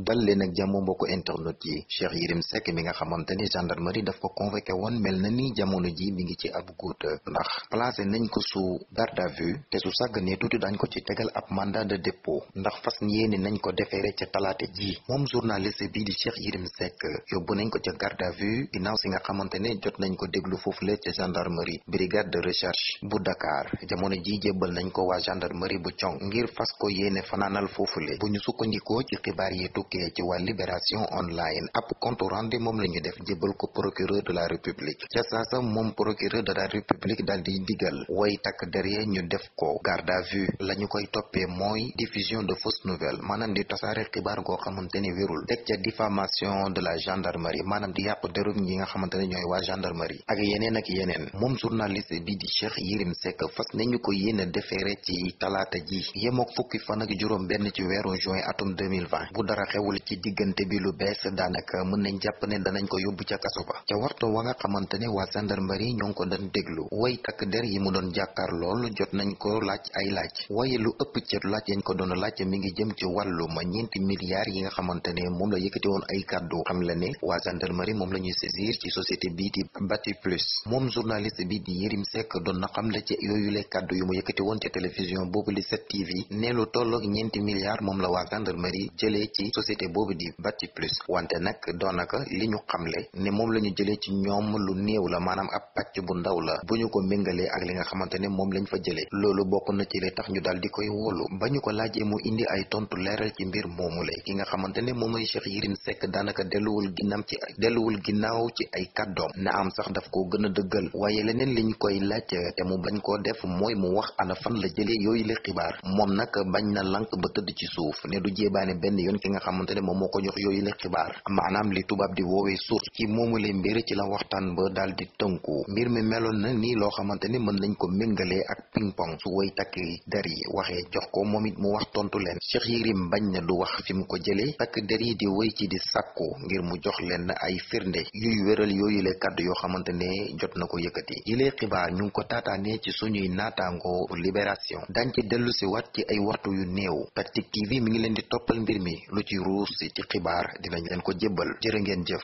dal leen ak jàmm mbokku internet yi Cheikh Yérim Seck mi nga xamante ni gendarmerie daf ko convoqué woon mel na ni jamono ji mi ngi ci ab guut ndax placé nañ ko su garde à vue te su sàgganee tuuti dañ ko ci tegal ab mandat de dépôt ndax fas yéene nañ ko defeere ca talaate ji moom journaliste bii di Cheikh Yérim Seck yóbbu nañ ko ca garde à vue ginnaaw si nga xamante ne jot nañ ko déglu foofu la ca gendarmerie brigade de recherche bu Dakar jamono ji jébbal nañ ko waa gendarmerie bu Thiong ngir fas ko yéene fanaanal foofu tukkee ci waa libération online ab compte rendu moom la def jëbal ko procureur de la république ca saasa moom procureur de la république daal di digal way takk derrière ñu def ko garde à vue la koy toppee mooy diffusion de fausse nouvelle maanaam di tasaare xibaar goo xamante ni teg ca diffamation de la gendarmerie maanaam di yàq derub ñi nga xamante ne ñooy waa gendarmerie ak yeneen ak yeneen moom journaliste bi di Cheikh Yérim Seck fas nañu ko yéene defeere xewul ci diggante bi lu bees daanaka mën nañ jàpp ne danañ ko yóbbu ca kaso ba ca warto wa nga xamante ne waa gendarmerie ñoo ngi ko doon déglu way takk der yi mu doon jàkkaar lool jot nañ ko laaj ay laaj waaye lu ëpp ci laaj yañ ko doon laaj mi ngi jëm ci wàllu wàllum ñeenti milliards yi nga xamante ne moom la yëkkati woon ay kàddu xam la ne waa gendarmerie moom la ñuy saisir ci société bii di Bati Plus moom journaliste bi di Yérim sekk doon na xam la ci yooyu le kàddu yu mu yëkkati woon ci télévision boobu li 7TV ne lu tollook ñeenti milliards moom la waa gendarmerie jëlee ci société boobu di bati plus wante nag doonaka li ñu xamle ne moom la ñu jëlee ci ñoom lu néew la maanaam ab pàcc bu ndaw la bu ñu ko méngalee ak li nga xamante ne moom lañ fa jëlee loolu bokk na ci li tax ñu daal di koy wóolu ba ñu ko laajee mu indi ay tontu leeral ci mbir moomu la ki nga xamante ne moom mooy Cheikh Yérim Seck daanaka delluwul ginnaaw ci delluwul ginnaaw ci ay kàddoom ne am sax daf koo gën a dëggal waaye leneen ñu koy laaj te mu bañ koo def mooy mu wax ana fan la jëlee yooyu la xibaar moom nag bañ na lank ba tëdd ci suuf ne du jéebaane benn yoon ki nga xam xamante moom moo ko jox yooyu la xibaar maanaam li tubaab di woowee source ci moomule mbir ci la waxtaan ba daal di tënku mbir mi meloon na nii loo xamante ne mën nañ ko méngalee ak ping pong su way takk der yi waxee jox ko moom it mu wax tontu leen Cheikh Yérim bañ na du wax fi mu ko jëlee takk der yi di woy ci di sàkku ngir mu jox leen ay firnde yuy wéral yooyu le kàddu yoo xamante ne jot na ko yëkkati yi lee xibaar ñu ko taataanee ci suñuy naataango libération dañ ci waxtu yu néew ci ruus ci xibaar dinañ leen ko jébbal jërë ngeen jëf